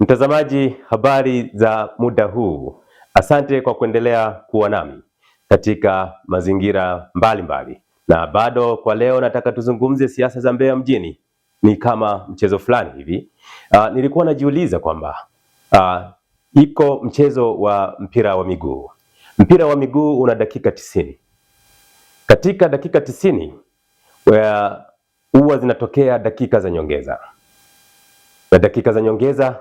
Mtazamaji, habari za muda huu. Asante kwa kuendelea kuwa nami katika mazingira mbalimbali mbali. Na bado kwa leo nataka tuzungumze siasa za Mbeya mjini, ni kama mchezo fulani hivi. Uh, nilikuwa najiuliza kwamba uh, iko mchezo wa mpira wa miguu. Mpira wa miguu una dakika tisini. Katika dakika tisini huwa zinatokea dakika za nyongeza na dakika za nyongeza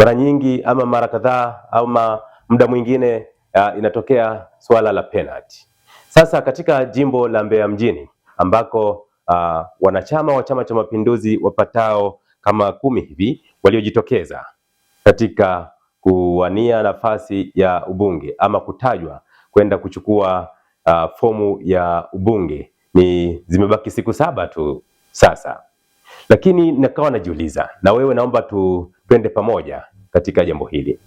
mara nyingi ama mara kadhaa ama muda mwingine uh, inatokea swala la penalty. Sasa katika jimbo la Mbeya mjini ambako uh, wanachama wa Chama cha Mapinduzi wapatao kama kumi hivi waliojitokeza katika kuwania nafasi ya ubunge ama kutajwa kwenda kuchukua uh, fomu ya ubunge ni zimebaki siku saba tu sasa. Lakini nikawa najiuliza, na wewe naomba tu twende pamoja katika jambo hili.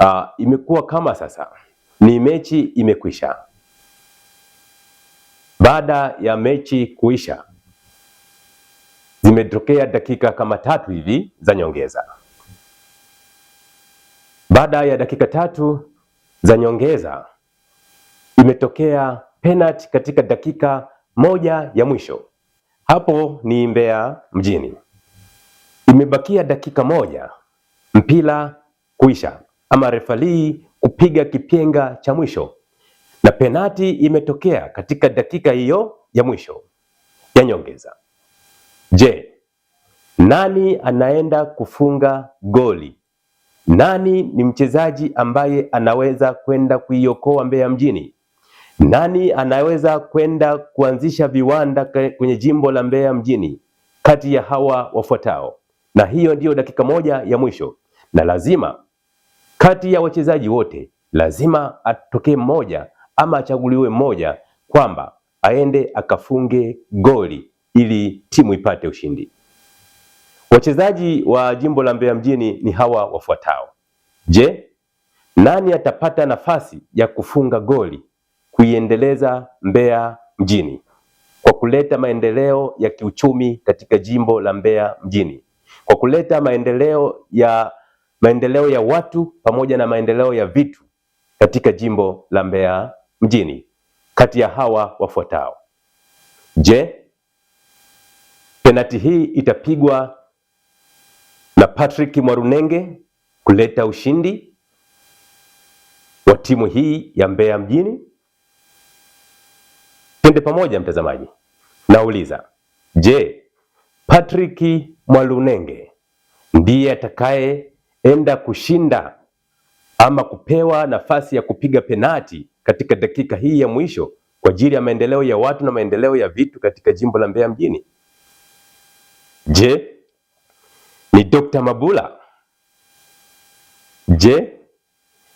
Uh, imekuwa kama sasa ni mechi imekwisha. Baada ya mechi kuisha, zimetokea dakika kama tatu hivi za nyongeza. Baada ya dakika tatu za nyongeza, imetokea penalti katika dakika moja ya mwisho. Hapo ni Mbeya mjini. Imebakia dakika moja mpira kuisha, ama refalii kupiga kipenga cha mwisho, na penati imetokea katika dakika hiyo ya mwisho ya nyongeza. Je, nani anaenda kufunga goli? Nani ni mchezaji ambaye anaweza kwenda kuiokoa Mbeya mjini nani anaweza kwenda kuanzisha viwanda kwenye jimbo la Mbeya mjini kati ya hawa wafuatao? Na hiyo ndiyo dakika moja ya mwisho, na lazima kati ya wachezaji wote lazima atokee mmoja ama achaguliwe mmoja kwamba aende akafunge goli ili timu ipate ushindi. Wachezaji wa jimbo la Mbeya mjini ni hawa wafuatao. Je, nani atapata nafasi ya kufunga goli kuiendeleza Mbeya mjini kwa kuleta maendeleo ya kiuchumi katika jimbo la Mbeya mjini kwa kuleta maendeleo ya maendeleo ya watu pamoja na maendeleo ya vitu katika jimbo la Mbeya mjini, kati ya hawa wafuatao. Je, penati hii itapigwa na Patrick Mwarunenge kuleta ushindi wa timu hii ya Mbeya mjini? Twende pamoja mtazamaji, nauliza je, Patrick Mwalunenge ndiye atakayeenda kushinda ama kupewa nafasi ya kupiga penati katika dakika hii ya mwisho kwa ajili ya maendeleo ya watu na maendeleo ya vitu katika jimbo la Mbeya mjini? Je, ni Dr. Mabula? Je,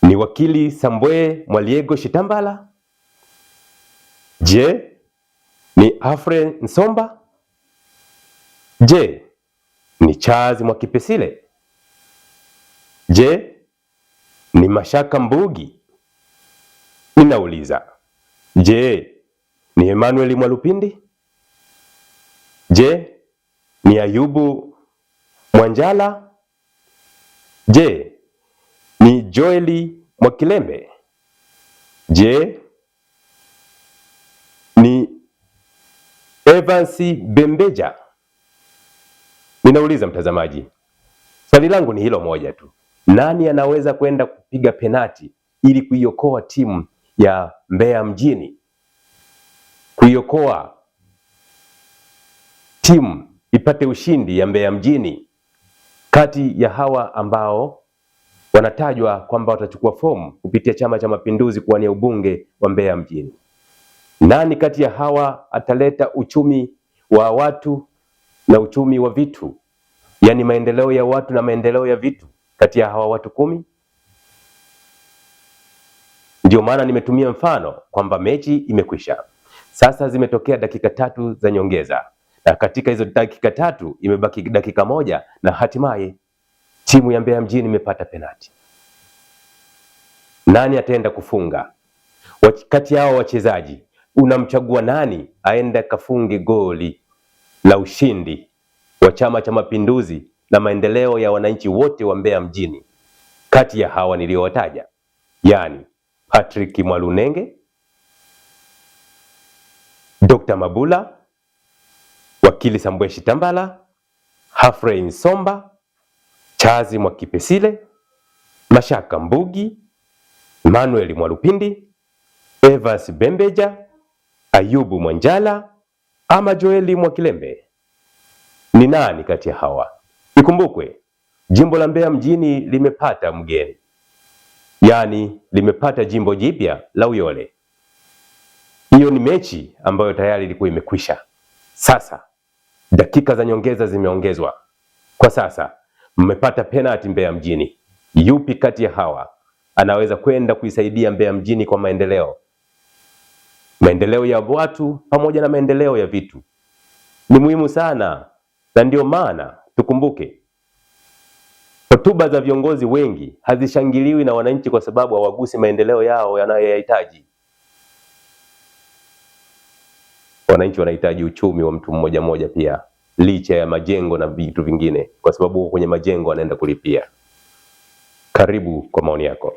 ni wakili Sambwe Mwaliego Shitambala? Je, ni afre Nsomba? Je, ni Charles Mwakipesile? Je, ni Mashaka Mbugi? Ninauliza, je, ni Emmanuel Mwalupindi? Je, ni Ayubu Mwanjala? Je, ni Joeli Mwakilembe? Je, Evans Bembeja. Ninauliza mtazamaji, swali langu ni hilo moja tu, nani anaweza kwenda kupiga penati ili kuiokoa timu ya Mbeya mjini, kuiokoa timu ipate ushindi ya Mbeya mjini, kati ya hawa ambao wanatajwa kwamba watachukua fomu kupitia Chama cha Mapinduzi kuwania ubunge wa Mbeya mjini? Nani kati ya hawa ataleta uchumi wa watu na uchumi wa vitu, yaani maendeleo ya watu na maendeleo ya vitu kati ya hawa watu kumi? Ndio maana nimetumia mfano kwamba mechi imekwisha, sasa zimetokea dakika tatu za nyongeza, na katika hizo dakika tatu imebaki dakika moja, na hatimaye timu ya Mbeya mjini imepata penati. Nani ataenda kufunga kati yao wachezaji unamchagua nani aende kafunge goli la ushindi wa Chama cha Mapinduzi na maendeleo ya wananchi wote wa Mbeya mjini kati ya hawa niliyowataja, yani Patrick Mwalunenge, Dr. Mabula, Wakili sambweshi tambala Hafrey Nsomba, Chazi Mwakipesile, Mashaka Mbugi, Manuel Mwalupindi, Evas Bembeja Ayubu Mwanjala ama Joeli Mwakilembe? Ni nani kati ya hawa? Ikumbukwe jimbo la Mbeya mjini limepata mgeni, yaani limepata jimbo jipya la Uyole. Hiyo ni mechi ambayo tayari ilikuwa imekwisha. Sasa dakika za nyongeza zimeongezwa. Kwa sasa mmepata penalti Mbeya mjini. Yupi kati ya hawa anaweza kwenda kuisaidia Mbeya mjini kwa maendeleo? maendeleo ya watu pamoja na maendeleo ya vitu ni muhimu sana, na ndiyo maana tukumbuke, hotuba za viongozi wengi hazishangiliwi na wananchi kwa sababu hawagusi maendeleo yao yanayoyahitaji. Wananchi wanahitaji uchumi wa mtu mmoja mmoja pia, licha ya majengo na vitu vingine, kwa sababu huko kwenye majengo anaenda kulipia. Karibu kwa maoni yako.